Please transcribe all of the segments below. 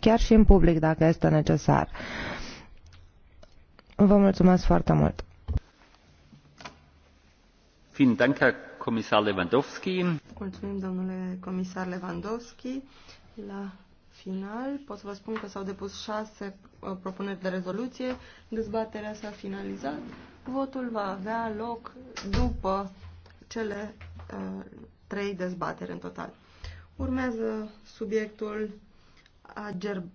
chiar și în public dacă este necesar. Vă mulțumesc foarte mult. Mulțumim, domnule comisar Lewandowski. La final pot să vă spun că s-au depus șase uh, propuneri de rezoluție. Dezbaterea s-a finalizat. Votul va avea loc după cele uh, trei dezbateri în total. Urmează subiectul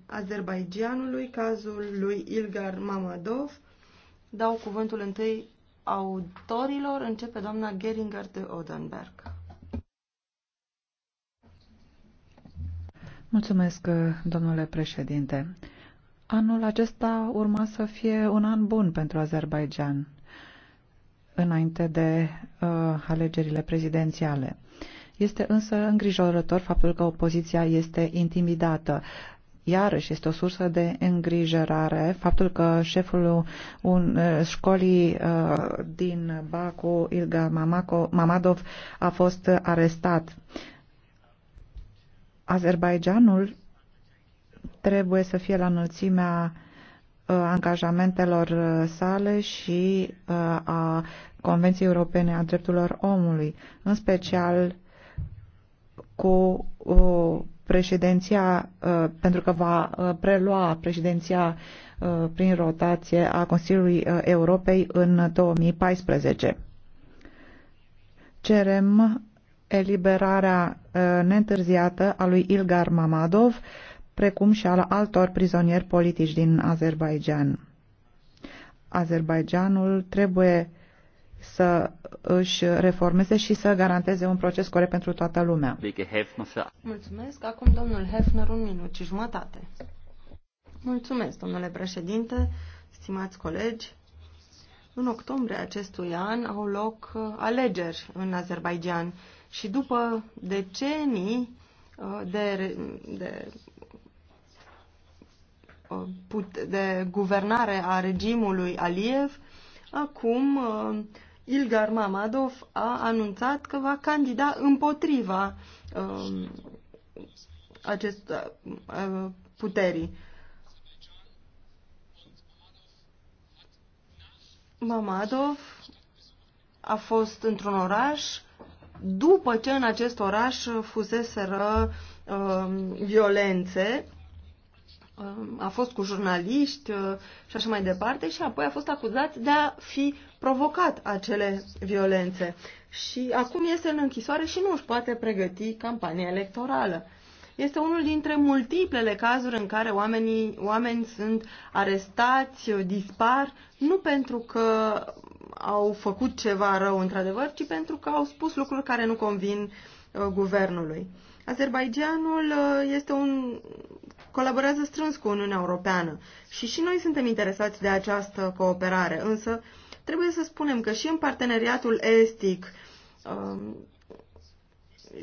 Azerbaijanului, cazul lui Ilgar Mamadov. Dau cuvântul întâi autorilor. Începe doamna Geringer de Odenberg. Mulțumesc, domnule președinte. Anul acesta urma să fie un an bun pentru Azerbaijan, înainte de uh, alegerile prezidențiale. Uh, este însă îngrijorător faptul că opoziția este intimidată. Iarăși este o sursă de îngrijorare faptul că șeful un, uh, școlii uh, din Baku, Ilga Mamako, Mamadov, a fost arestat. Azerbaijanul trebuie să fie la înălțimea uh, angajamentelor sale și a Convenției Europene a Drepturilor Omului, în special cu uh, președinția, uh, pentru că va uh, prelua președinția prin rotație a Consiliului Europei în 2014. Cerem eliberarea neîntârziată a lui Ilgar Mamadov, precum și al altor prizonieri politici din Azerbaijan. Azerbaijanul trebuie să își reformeze și să garanteze un proces corect pentru toată lumea. Mulțumesc. Acum domnul Hefner, un minut și jumătate. Mulțumesc, domnule președinte, stimați colegi. În octombrie acestui an au loc alegeri în Azerbaijan și după decenii uh, de, de, uh, de guvernare a regimului Aliev, acum uh, Ilgar Mamadov a anunțat că va candida împotriva um, uh, acest, uh, puterii. Mamadov a fost într-un oraș după ce în acest oraș fuseseră uh, violențe a fost cu jurnaliști uh, și așa mai departe și apoi a fost acuzat de a fi provocat acele violențe. Și acum este în închisoare și nu își poate pregăti campania electorală. Este unul dintre multiplele cazuri în care oamenii, oameni sunt arestați, dispar, nu pentru că au făcut ceva rău într-adevăr, ci pentru că au spus lucruri care nu convin uh, guvernului. Azerbaidjanul uh, este un colaborează strâns cu Uniunea Europeană și și noi suntem interesați de această cooperare, însă trebuie să spunem că și în parteneriatul estic um,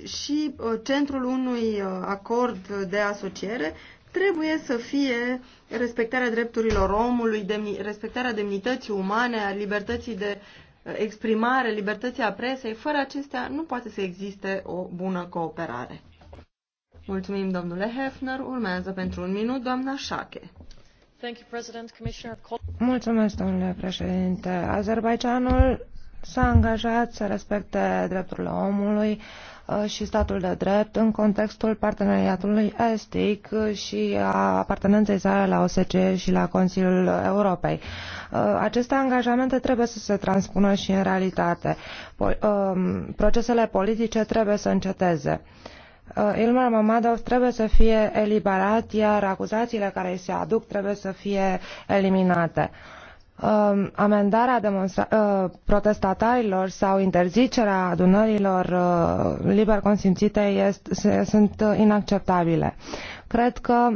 și uh, centrul unui uh, acord de asociere trebuie să fie respectarea drepturilor omului, respectarea demnității umane, a libertății de uh, exprimare, libertății a presei. Fără acestea nu poate să existe o bună cooperare. Mulțumim, domnule Hefner. Urmează pentru un minut doamna Șache. Mulțumesc, domnule președinte. Azerbaidjanul s-a angajat să respecte drepturile omului uh, și statul de drept în contextul parteneriatului estic și a apartenenței sale la OSCE și la Consiliul Europei. Uh, aceste angajamente trebuie să se transpună și în realitate. Uh, procesele politice trebuie să înceteze. Uh, Ilmar Mammadov trebuie să fie eliberat, iar acuzațiile care îi se aduc trebuie să fie eliminate. Uh, amendarea demonstra- uh, protestatarilor sau interzicerea adunărilor uh, liber consimțite este, sunt inacceptabile. Cred că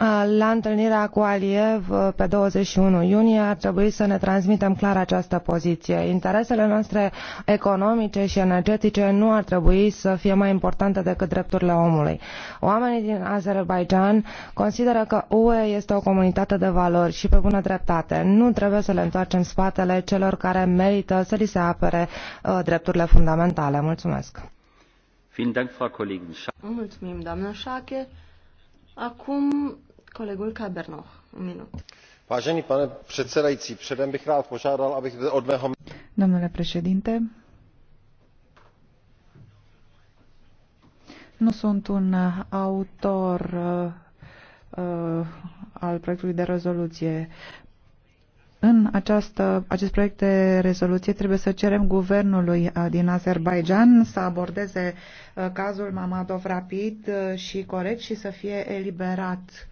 Uh, la întâlnirea cu Aliev uh, pe 21 iunie ar trebui să ne transmitem clar această poziție. Interesele noastre economice și energetice nu ar trebui să fie mai importante decât drepturile omului. Oamenii din Azerbaijan consideră că UE este o comunitate de valori și pe bună dreptate. Nu trebuie să le întoarcem spatele celor care merită să li se apere uh, drepturile fundamentale. Mulțumesc! Mulțumim, doamnă Șache. Acum Colegul pane předsedající, předem bych rád požádal, abych od mého... Domnule președinte, nu sunt un autor uh, uh, al proiectului de rezoluție. În acest proiect de rezoluție trebuie să cerem guvernului uh, din Azerbaijan să abordeze cazul mammadov rapid și corect și să fie eliberat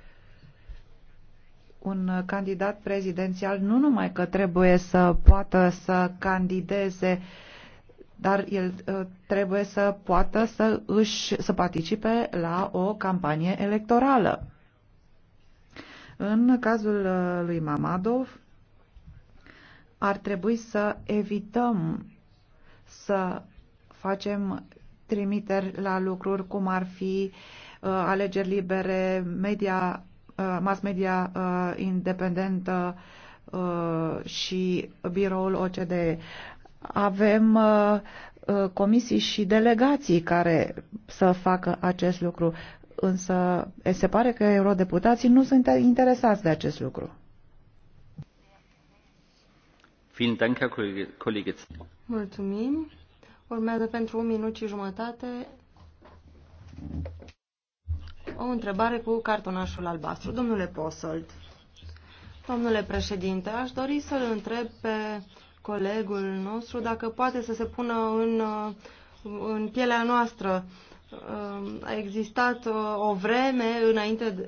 un candidat prezidențial nu numai că trebuie să poată să candideze, dar el uh, trebuie să poată să își să participe la o campanie electorală. În cazul uh, lui Mamadov ar trebui să evităm să facem trimiteri la lucruri cum ar fi uh, alegeri libere, media Uh, mass media uh, independentă uh, și biroul OCDE. Avem comisii și delegații care să facă acest lucru, însă se pare că eurodeputații nu sunt interesați de acest lucru. Mulțumim. Urmează pentru un minut și jumătate o întrebare cu cartonașul albastru. Domnule Posolt, domnule președinte, aș dori să-l întreb pe colegul nostru dacă poate să se pună în, în pielea noastră. A existat o vreme, înainte,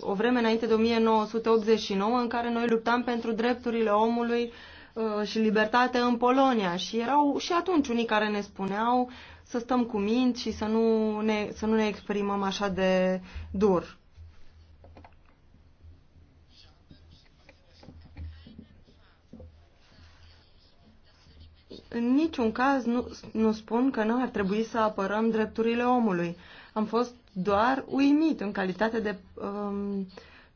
o vreme înainte de 1989 uh, în care noi luptam pentru drepturile omului uh, și libertate în Polonia și erau și atunci unii care ne spuneau să stăm cu minți și să nu ne, să nu ne exprimăm așa de dur. În niciun caz nu, nu spun că nu ar trebui să apărăm drepturile omului. Am fost doar uimit în calitate de um,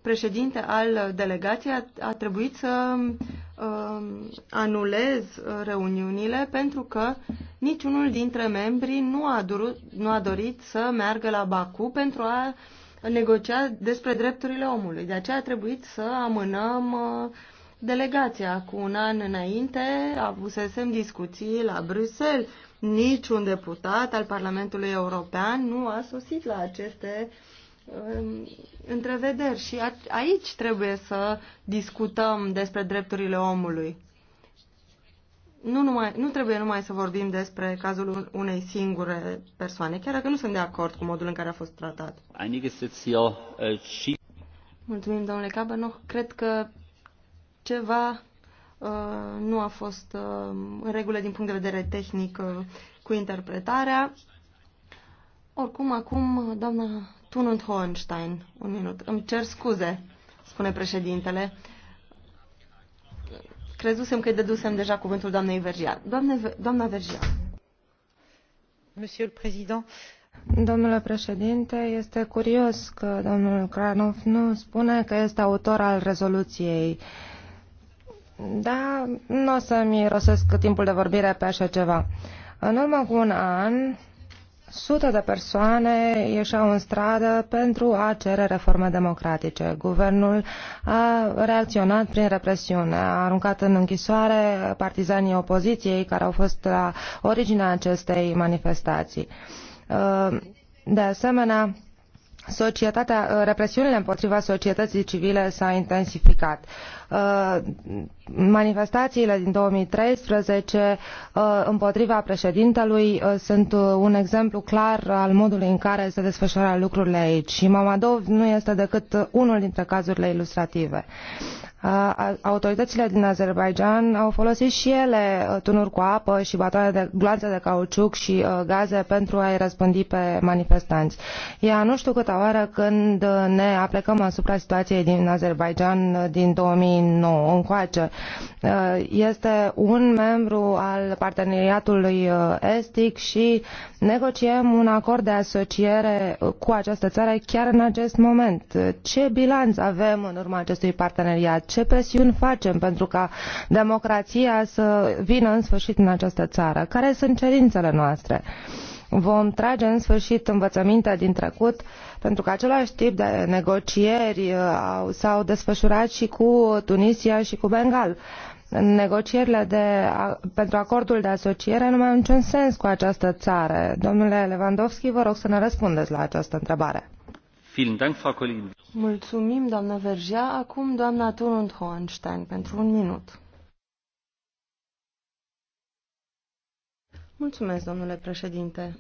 președinte al delegației a, a trebuit să um, uh, anulez reuniunile pentru că niciunul dintre membrii nu a, durut, nu a dorit să meargă la Baku pentru a negocia despre drepturile omului. De aceea a trebuit să amânăm uh, delegația. Cu un an înainte avusesem discuții la Bruxelles. Niciun deputat al Parlamentului European nu a sosit la aceste uh, Um, întrevederi și aici trebuie să discutăm despre drepturile omului. Nu, numai, nu trebuie numai să vorbim despre cazul unei singure persoane, chiar dacă nu sunt de acord cu modul în care a fost tratat. Äh, Mulțumim, domnule Nu, Cred că ceva uh, nu a fost uh, în regulă din punct de vedere tehnic uh, cu interpretarea. Oricum, acum, doamna Tunund Hohenstein, un minut. Îmi cer scuze, spune președintele. Crezusem că îi dedusem deja cuvântul doamnei Vergia. Doamne, doamna Vergia. Monsieur le Président, Domnule președinte, este curios că domnul Cranov nu spune că este autor al rezoluției. Da, nu o să-mi rosesc timpul de vorbire pe așa ceva. În urmă cu un an, Sute de persoane ieșeau în stradă pentru a cere reforme democratice. Guvernul a reacționat prin represiune, a aruncat în închisoare partizanii opoziției care au fost la originea acestei manifestații. Uh, de asemenea, societatea, uh, represiunile împotriva societății civile s-au intensificat Uh, manifestațiile din 2013 uh, împotriva președintelui uh, sunt un exemplu clar al modului în care se desfășoară lucrurile aici și Mamadov nu este decât unul dintre cazurile ilustrative. Autoritățile din Azerbaijan au folosit și ele tunuri cu apă și batoane de gloanțe de cauciuc și gaze pentru a-i răspândi pe manifestanți. Ea nu știu câtă oară când ne aplecăm asupra situației din Azerbaijan din 2000 2009 încoace. Uh, este un membru al parteneriatului uh, estic și negociem un acord de asociere uh, cu această țară chiar în acest moment. Ce bilanț avem în urma acestui parteneriat? Ce presiuni facem pentru ca democrația să vină în sfârșit în această țară? Care sunt cerințele noastre? Uh, vom trage în sfârșit învățămintea din trecut, pentru că același tip de negocieri uh, s-au desfășurat și cu Tunisia și cu Bengal. Negocierile de, pentru acordul de asociere nu mai au niciun sens cu această țară. Domnule Lewandowski, vă rog să ne răspundeți la această întrebare. Mulțumim, doamnă Vergea. Acum, doamna Turund Hohenstein, pentru un minut. Mulțumesc, domnule președinte.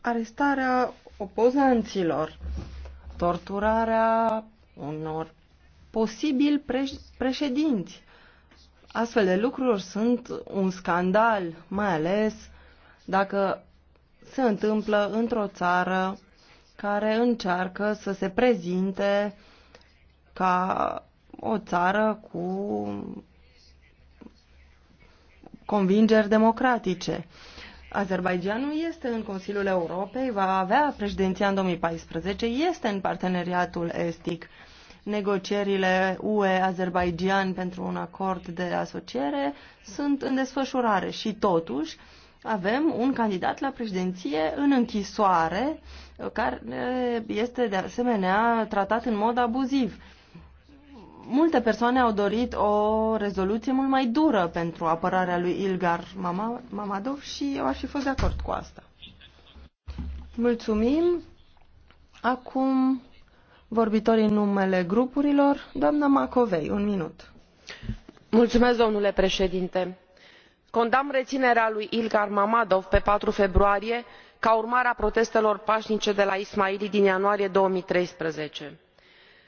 Arestarea opozanților, torturarea unor posibil președinți. Astfel de lucruri sunt un scandal, mai ales dacă se întâmplă într-o țară care încearcă să se prezinte ca o țară cu convingeri democratice. Azerbaijanul este în Consiliul Europei, va avea președinția în 2014, este în parteneriatul estic. Negocierile UE-Azerbaijan pentru un acord de asociere sunt în desfășurare și totuși avem un candidat la președinție în închisoare care este de asemenea tratat în mod abuziv multe persoane au dorit o rezoluție mult mai dură pentru apărarea lui Ilgar Mamadov și eu aș fi fost de acord cu asta. Mulțumim. Acum vorbitorii numele grupurilor. Doamna Macovei, un minut. Mulțumesc, domnule președinte. Condamn reținerea lui Ilgar Mamadov pe 4 februarie ca urmare a protestelor pașnice de la Ismaili din ianuarie 2013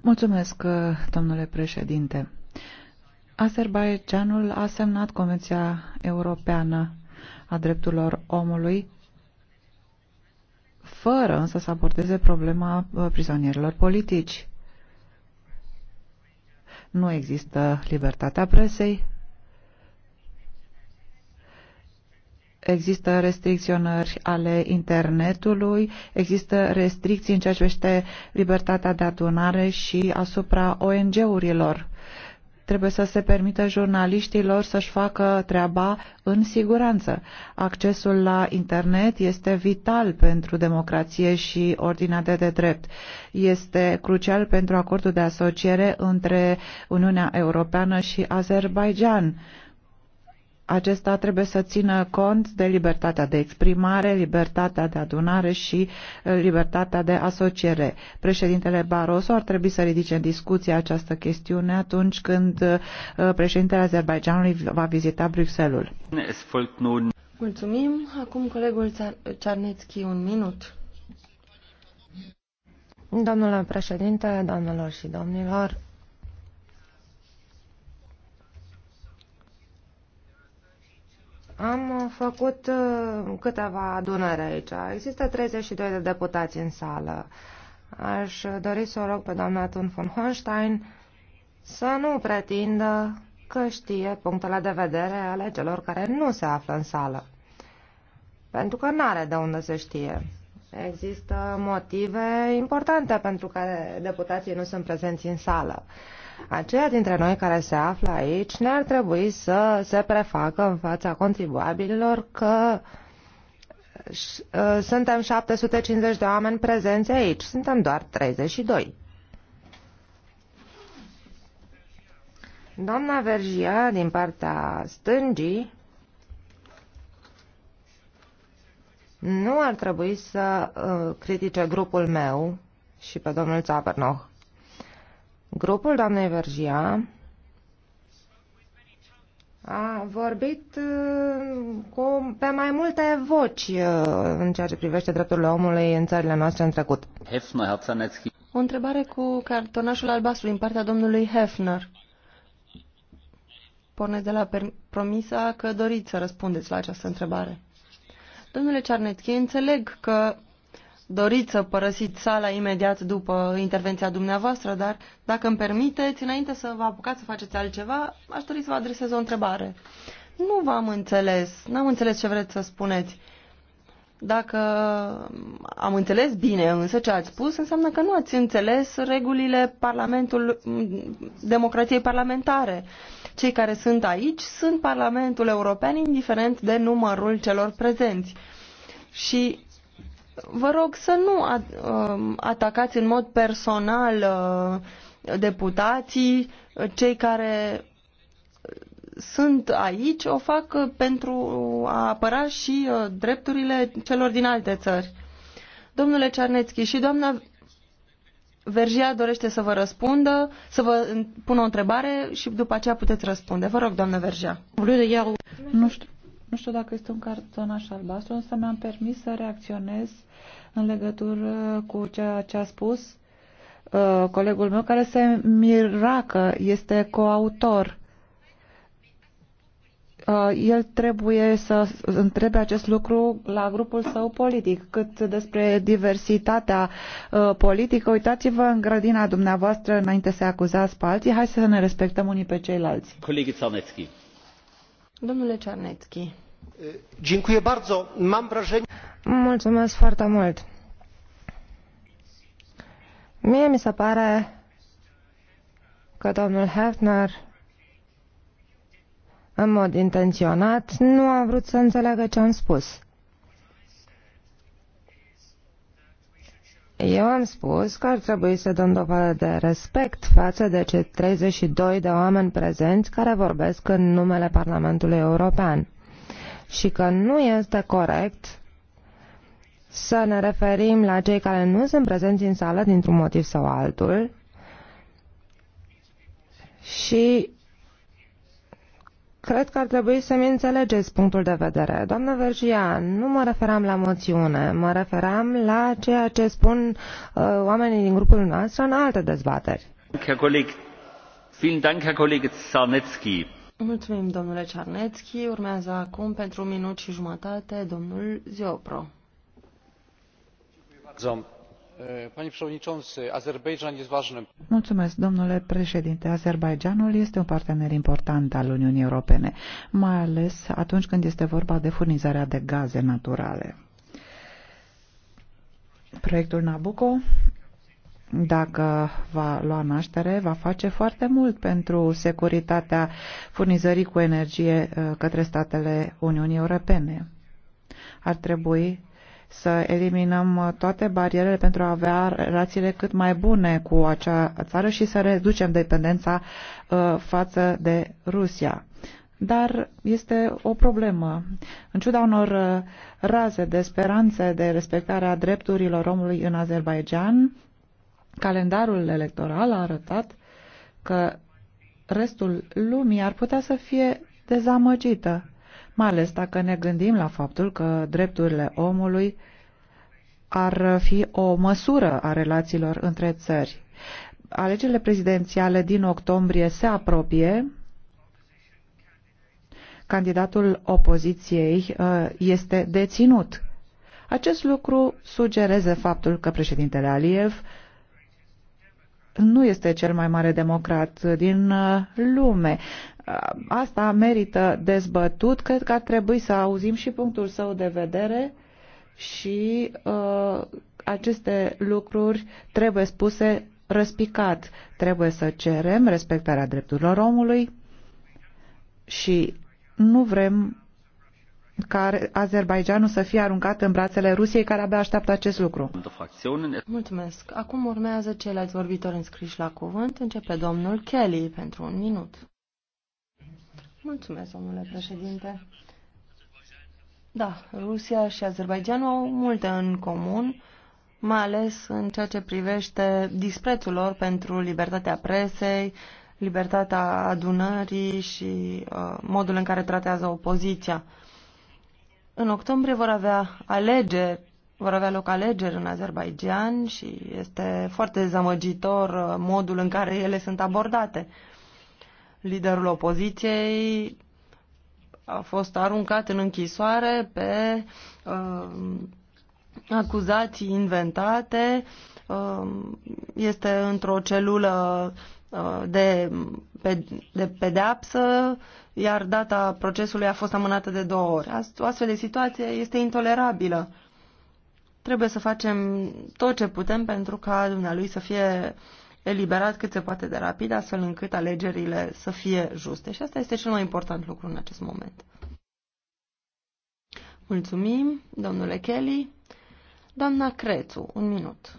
mulțumesc domnule președinte. azerbaidjanul a semnat convenția europeană a drepturilor omului fără însă să abordeze problema uh, prizonierilor politici. Nu există libertatea presei, există restricționări ale internetului, există restricții în ceea ce privește libertatea de adunare și asupra ONG-urilor. Trebuie să se permită jurnaliștilor să-și facă treaba în siguranță. Accesul la internet este vital pentru democrație și ordinea de drept. Este crucial pentru acordul de asociere între Uniunea Europeană și Azerbaijan acesta trebuie să țină cont de libertatea de exprimare, libertatea de adunare și uh, libertatea de asociere. Președintele Barroso ar trebui să ridice în discuție această chestiune atunci când uh, președintele Azerbaijanului va vizita Bruxelul. Mulțumim. Acum colegul Cernețchi, un minut. Domnule președinte, doamnelor și domnilor, Am uh, făcut uh, câteva adunări aici. Există 32 de deputați în sală. Aș dori să o rog pe doamna Thun von Hohenstein să nu pretindă că știe punctele de vedere ale celor care nu se află în sală. Pentru că nu are de unde să știe. Există motive importante pentru care deputații nu sunt prezenți în sală. Aceia dintre noi care se află aici ne-ar trebui să se prefacă în fața contribuabililor că ă, suntem 750 de oameni prezenți aici, suntem doar 32. Doamna Vergia, din partea stângii, nu ar trebui să uh, critique grupul meu și pe domnul Țapărnoh. Grupul doamnei Vergia a vorbit uh, cu, pe mai multe voci uh, în ceea ce privește drepturile omului în țările noastre în trecut. o întrebare cu cartonașul albastru din partea domnului Hefner. Porneți de la promisa că doriți să răspundeți la această întrebare. Domnule Cernețchi, înțeleg că dorit să părăsiți sala imediat după intervenția dumneavoastră, dar dacă îmi permiteți, înainte să vă apucați să faceți altceva, aș dori să vă adresez o întrebare. Nu v-am înțeles, n-am înțeles ce vreți să spuneți. Dacă am înțeles bine însă ce ați spus, înseamnă că nu ați înțeles regulile parlamentul, democrației parlamentare. Cei care sunt aici sunt Parlamentul European, indiferent de numărul celor prezenți. Și vă rog să nu um, atacați în mod personal uh, deputații, cei care sunt aici o fac uh, pentru a apăra și uh, drepturile celor din alte țări. Domnule Cernețchi și doamna Vergia dorește să vă răspundă, să vă pună o întrebare și după aceea puteți răspunde. Vă rog, doamna Vergia. Nu știu. Nu știu dacă este un cartonaș albastru, însă mi-am permis să reacționez în legătură cu ceea ce a spus uh, colegul meu, care se mira că este coautor. Uh, el trebuie să întrebe acest lucru la grupul său politic. Cât despre diversitatea uh, politică, uitați-vă în grădina dumneavoastră înainte să acuzați pe alții. Hai să ne respectăm unii pe ceilalți. Colegii Țanetski. Domnule Cernețchi. Dziękuję bardzo. Mam wrażenie... Mulțumesc foarte mult. Mie mi se pare că domnul Hefner, în mod intenționat, nu a vrut să înțeleagă ce am spus. Eu am spus că ar trebui să dăm dovadă de respect față de cei 32 de oameni prezenți care vorbesc în numele Parlamentului European și că nu este corect să ne referim la cei care nu sunt prezenți în sală dintr-un motiv sau altul și Cred că ar trebui să-mi înțelegeți punctul de vedere. Doamnă Vergia, nu mă referam la moțiune, mă referam la ceea ce spun uh, oamenii din grupul nostru în alte dezbateri. Mulțumim, domnule Cernetski. Urmează acum, pentru un minut și jumătate, domnul Ziopro domnule președinte. Azerbaidjanul este un partener important al Uniunii Europene, mai ales atunci când este vorba de furnizarea de gaze naturale. Proiectul Nabucco, dacă va lua naștere, va face foarte mult pentru securitatea furnizării cu energie uh, către statele Uniunii Europene. Ar trebui să eliminăm uh, toate barierele pentru a avea relațiile cât mai bune cu acea țară și să reducem dependența uh, față de Rusia. Dar este o problemă. În ciuda unor uh, raze de speranțe de respectarea drepturilor omului în Azerbaijan, calendarul electoral a arătat că restul lumii ar putea să fie dezamăgită mai ales dacă ne gândim la faptul că drepturile omului ar fi o măsură a relațiilor între țări. Alegerile prezidențiale din octombrie se apropie. Candidatul opoziției uh, este deținut. Acest lucru sugereze faptul că președintele Aliev nu este cel mai mare democrat din uh, lume. Uh, asta merită dezbătut. Cred că ar trebui să auzim și punctul său de vedere și uh, aceste lucruri trebuie spuse răspicat. Trebuie să cerem respectarea drepturilor omului și nu vrem ca Azerbaijanul să fie aruncat în brațele Rusiei, care abia așteaptă acest lucru. Mulțumesc. Acum urmează ceilalți vorbitori înscriși la cuvânt. Începe domnul Kelly pentru un minut. Mulțumesc, domnule președinte. Da, Rusia și Azerbaijanul au multe în comun, mai ales în ceea ce privește disprețul lor pentru libertatea presei, libertatea adunării și uh, modul în care tratează opoziția. Uh, în octombrie vor avea alegeri, vor avea loc alegeri în Azerbaijan și este foarte dezamăgitor uh, modul în care ele sunt abordate. Liderul opoziției a fost aruncat în închisoare pe uh, acuzații inventate, uh, este într-o celulă Uh, de, de pedeapsă, iar data procesului a fost amânată de două ori. O astfel de situație este intolerabilă. Trebuie să facem tot ce putem pentru ca dumnealui să fie eliberat cât se poate de rapid, astfel încât alegerile să fie juste. Și asta este cel mai important lucru în acest moment. Mulțumim, domnule Kelly. Doamna Crețu, un minut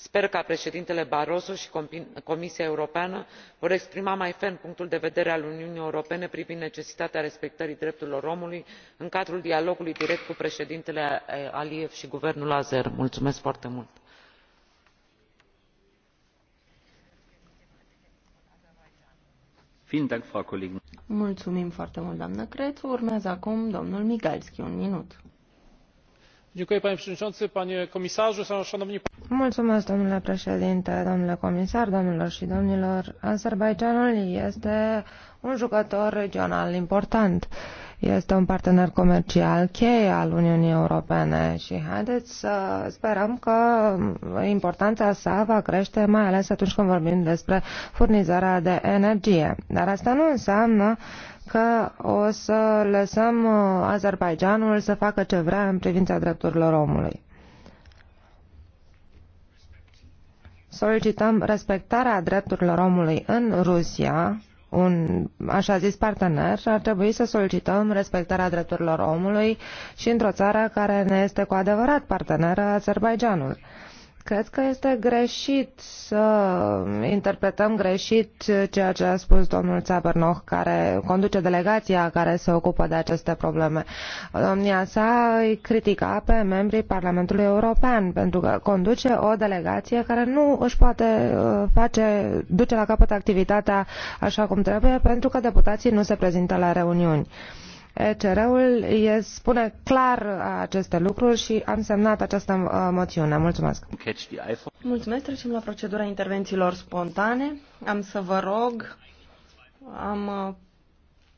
sper că preedintele barroso i comisia europeană vor exprima mai ferm punctul de vedere al uniunii europene privind necesitatea respectării drepturilor omului în cadrul dialogului direct cu preedintele eh, aliyev i guvernul azer. foarte mult! Mulțumim foarte mult, Urmează acum domnul Migalski, un minut. Mulțumesc, domnule președinte domnule comisar doamnelor și domnilor azerbaidjanul este un jucător regional important este un partener comercial cheie al uniunii europene și haideți să sperăm că importanța sa va crește mai ales atunci când vorbim despre furnizarea de energie dar asta nu înseamnă că o să lăsăm uh, Azerbaijanul să facă ce vrea în privința drepturilor omului. Solicităm respectarea drepturilor omului în Rusia, un așa zis partener, ar trebui să solicităm respectarea drepturilor omului și într-o țară care ne este cu adevărat parteneră, Azerbaijanul. Cred că este greșit să interpretăm greșit ceea ce a spus domnul Țabernoch, care conduce delegația care se ocupă de aceste probleme. Domnia sa îi critica pe membrii Parlamentului European, pentru că conduce o delegație care nu își poate uh, face, duce la capăt activitatea așa cum trebuie, pentru că deputații nu se prezintă la reuniuni. ECR-ul spune clar aceste lucruri și am semnat această uh, moțiune. Mulțumesc. Mulțumesc. Trecem la procedura intervențiilor spontane. Am să vă rog, am uh,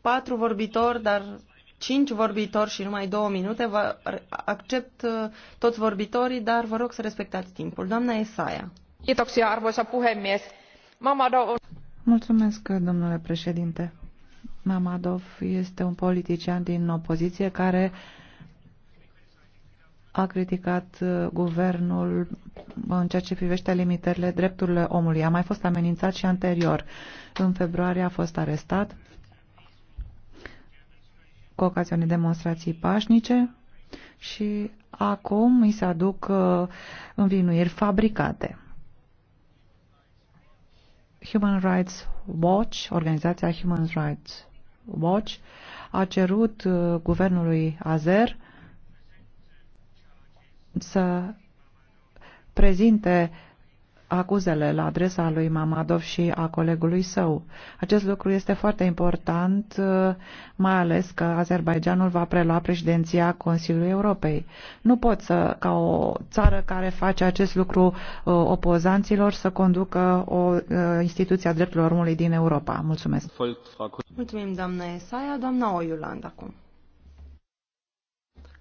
patru vorbitori, dar cinci vorbitori și numai două minute. Vă accept uh, toți vorbitorii, dar vă rog să respectați timpul. Doamna Esaia. puhemies. Mulțumesc, domnule președinte. Mamadov este un politician din opoziție care a criticat uh, guvernul în ceea ce privește limitările drepturilor omului. A mai fost amenințat și anterior. În februarie a fost arestat cu de demonstrații pașnice și acum îi se aduc uh, învinuiri fabricate. Human Rights Watch, organizația Human Rights Watch a cerut uh, guvernului Azer să prezinte acuzele la adresa lui Mamadov și a colegului său. Acest lucru este foarte important, uh, mai ales că Azerbaijanul va prelua președinția Consiliului Europei. Nu pot să, ca o țară care face acest lucru uh, opozanților, să conducă o uh, instituție a drepturilor omului din Europa. Mulțumesc. Mulțumim, doamna Esaia. Doamna Oiuland acum.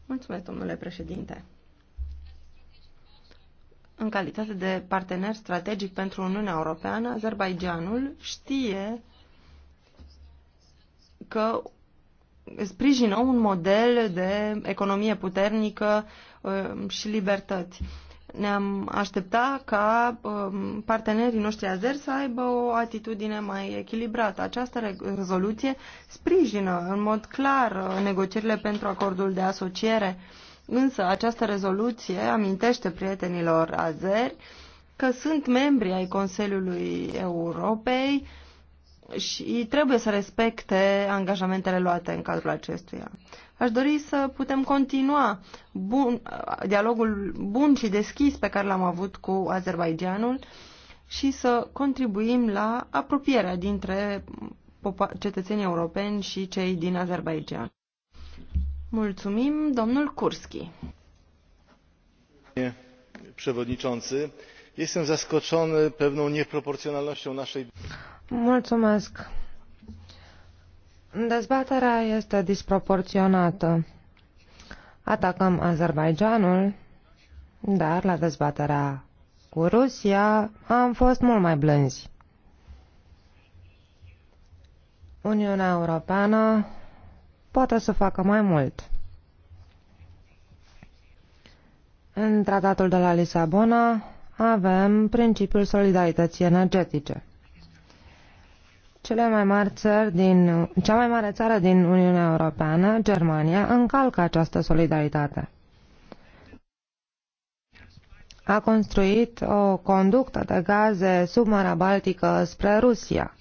Mulțumesc, domnule președinte în calitate de partener strategic pentru Uniunea Europeană, Azerbaijanul știe că sprijină un model de economie puternică um, și libertăți. Ne-am aștepta ca um, partenerii noștri azeri să aibă o atitudine mai echilibrată. Această rezoluție sprijină în mod clar uh, negocierile pentru acordul de asociere Însă această rezoluție amintește prietenilor azeri că sunt membri ai Consiliului Europei și trebuie să respecte angajamentele luate în cadrul acestuia. Aș dori să putem continua bun, dialogul bun și deschis pe care l-am avut cu Azerbaijanul și să contribuim la apropierea dintre cetățenii europeni și cei din Azerbaijan. Mulțumim, domnul Kurski. Przewodniczący, jestem zaskoczony pewną nieproporcjonalnością naszej. Mulțumesc. Dezbaterea este disproporționată. Atacăm Azerbaijanul, dar la dezbaterea cu Rusia am fost mult mai blânzi. Uniunea Europeană poate să facă mai mult. În tratatul de la Lisabona avem principiul solidarității energetice. Cele mai mari țări din, cea mai mare țară din Uniunea Europeană, Germania, încalcă această solidaritate. A construit o conductă de gaze sub Baltică spre Rusia.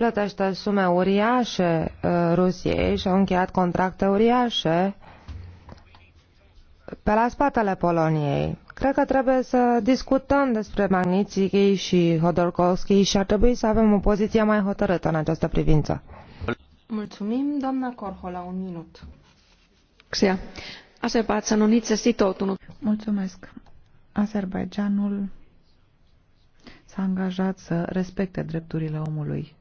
plătește sume uriașe uh, Rusiei și au încheiat contracte uriașe pe la spatele Poloniei. Cred că trebuie să discutăm despre Magnitsky și Hodorkovski și ar trebui să avem o poziție mai hotărâtă în această privință. Mulțumim, doamna Corhola, un minut. Xia. Azerbaijan să itse sitoutunut. Mulțumesc. Azerbaijanul s-a angajat să respecte drepturile omului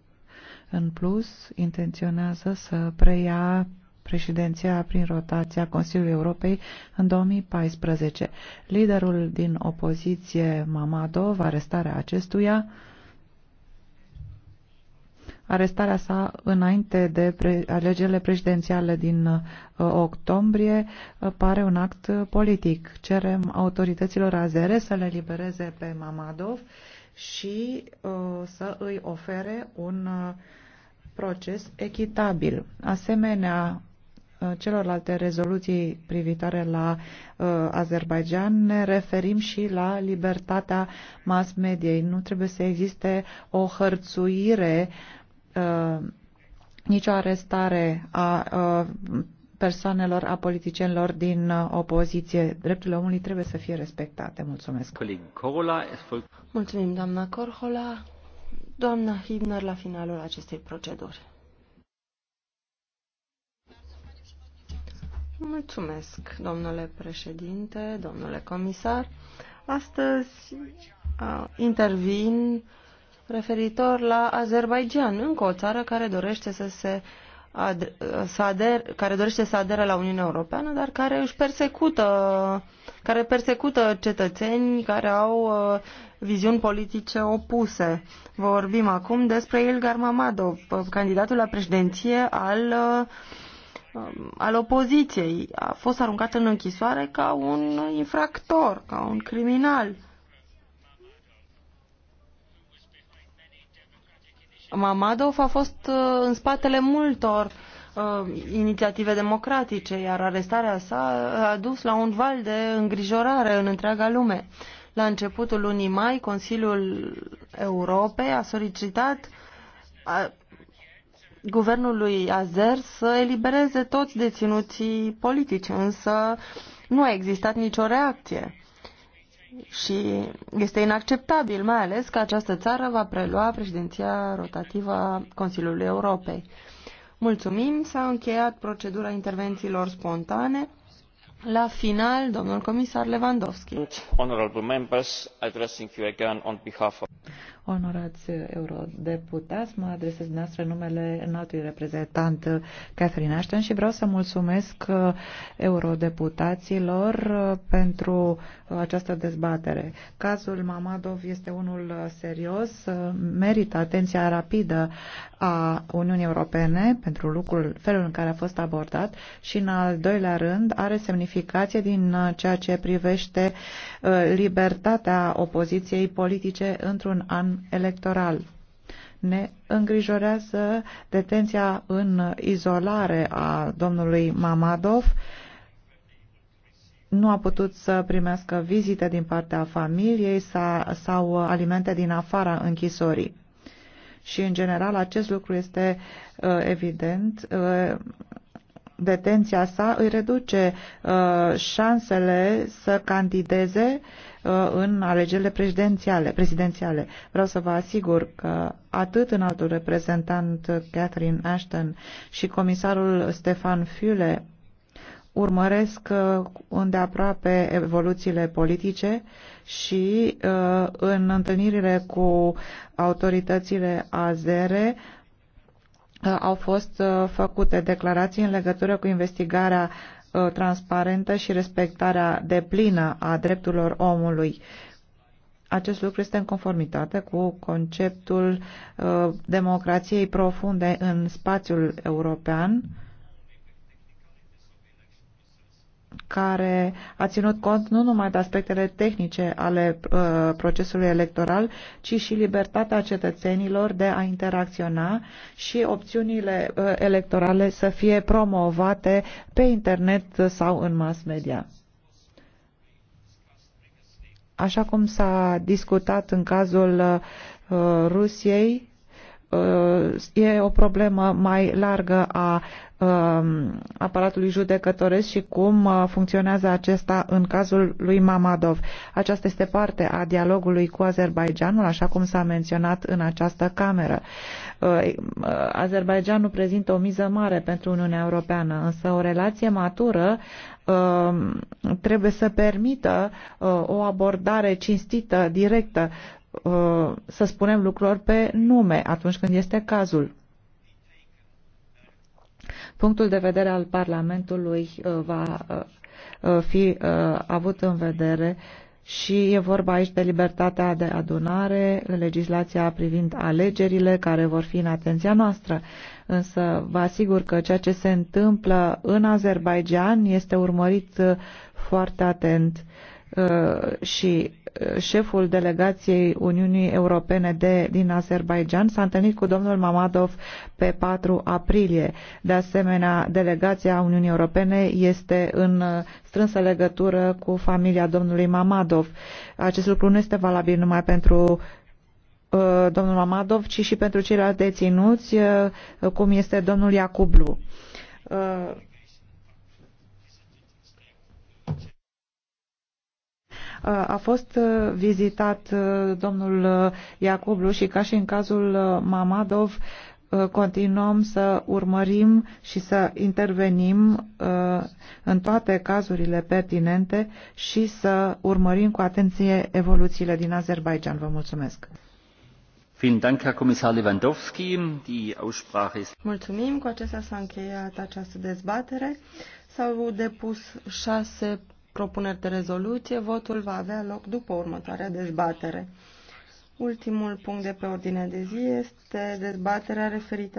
în plus, intenționează să preia președinția prin rotația Consiliului Europei în 2014. Liderul din opoziție, Mamadov, arestarea acestuia, arestarea sa înainte de pre alegerile prezidențiale din uh, octombrie uh, pare un act politic. Cerem autorităților azere să le libereze pe Mamadov uh, și uh, să îi ofere un uh, proces echitabil. Asemenea, uh, celorlalte rezoluții privitoare la uh, Azerbaijan ne referim și la libertatea mass mediei. Nu trebuie să existe o hărțuire, uh, nicio arestare a uh, persoanelor, a politicienilor din uh, opoziție. Drepturile omului trebuie să fie respectate. Mulțumesc. Mulțumim, doamna Corhola. Doamna Hibner, la finalul acestei proceduri. Mulțumesc, domnule președinte, domnule comisar. Astăzi uh, intervin referitor la Azerbaijan, încă o țară care dorește să se ader, care dorește să adere la Uniunea Europeană, dar care își persecută, care persecută cetățeni care au uh, viziuni politice opuse. Vorbim acum despre Ilgar Mamadov, uh, candidatul la președinție al uh, al opoziției. A fost aruncat în închisoare ca un infractor, ca un criminal. Mamadov a fost uh, în spatele multor uh, inițiative democratice, iar arestarea sa a dus la un val de îngrijorare în întreaga lume. La începutul lunii mai, Consiliul Europei a solicitat a, guvernului Azer să elibereze toți deținuții politici, însă nu a existat nicio reacție și este inacceptabil, mai ales că această țară va prelua președinția rotativă a Consiliului Europei. Mulțumim, s-a încheiat procedura intervențiilor spontane. La final, domnul comisar Lewandowski. Honorable members, addressing you again on behalf of... Onorați eurodeputați, mă adresez dumneavoastră numele înaltului reprezentant Catherine Ashton și vreau să mulțumesc eurodeputaților pentru această dezbatere. Cazul Mamadov este unul serios, merită atenția rapidă a Uniunii Europene pentru lucrul, felul în care a fost abordat și în al doilea rând are semnificație din ceea ce privește uh, libertatea opoziției politice într-un an electoral. Ne îngrijorează detenția în izolare a domnului Mamadov. Nu a putut să primească vizite din partea familiei sau alimente din afara închisorii. Și, în general, acest lucru este uh, evident uh, detenția sa îi reduce uh, șansele să candideze uh, în alegerile prezidențiale, prezidențiale. Vreau să vă asigur că atât în altul reprezentant Catherine Ashton și comisarul Stefan Füle urmăresc uh, îndeaproape evoluțiile politice și uh, în întâlnirile cu autoritățile azere Uh, au fost uh, făcute declarații în legătură cu investigarea uh, transparentă și respectarea deplină a drepturilor omului. Acest lucru este în conformitate cu conceptul democrației profunde în spațiul european, care a ținut cont nu numai de aspectele tehnice ale uh, procesului electoral, ci și libertatea cetățenilor de a interacționa și opțiunile uh, electorale să fie promovate pe internet sau în mass media. Așa cum s-a discutat în cazul uh, Rusiei, e o problemă mai largă a um, aparatului judecătoresc și cum uh, funcționează acesta în cazul lui Mamadov. Aceasta este parte a dialogului cu Azerbaijanul, așa cum s-a menționat în această cameră. Uh, uh, Azerbaijanul prezintă o miză mare pentru Uniunea Europeană, însă o relație matură um, trebuie să permită o abordare cinstită, directă, Uh, să spunem lucrurilor pe nume atunci când este cazul. Punctul de vedere al Parlamentului uh, va uh, fi avut în vedere și e vorba aici de libertatea de adunare, legislația privind alegerile care vor fi în atenția noastră. Însă vă asigur că ceea ce se întâmplă în Azerbaijan este urmărit foarte atent și șeful delegației Uniunii Europene de, din Azerbaijan s-a întâlnit cu domnul Mamadov pe 4 aprilie. De asemenea, delegația Uniunii Europene este în uh, strânsă legătură cu familia domnului Mamadov. Acest lucru nu este valabil numai pentru uh, domnul Mamadov, ci și pentru ceilalți deținuți, uh, cum este domnul Iacublu. Uh, A fost uh, vizitat uh, domnul uh, Iacoblu și ca și în cazul Mamadov, continuăm să urmărim și să intervenim în toate cazurile pertinente și să urmărim cu atenție evoluțiile din Azerbaijan. Vă mulțumesc! Mulțumim, cu acestea s-a încheiat această dezbatere. S-au depus șase propuneri de rezoluție, votul va avea loc după următoarea dezbatere. Ultimul punct de pe ordinea de zi este dezbaterea referită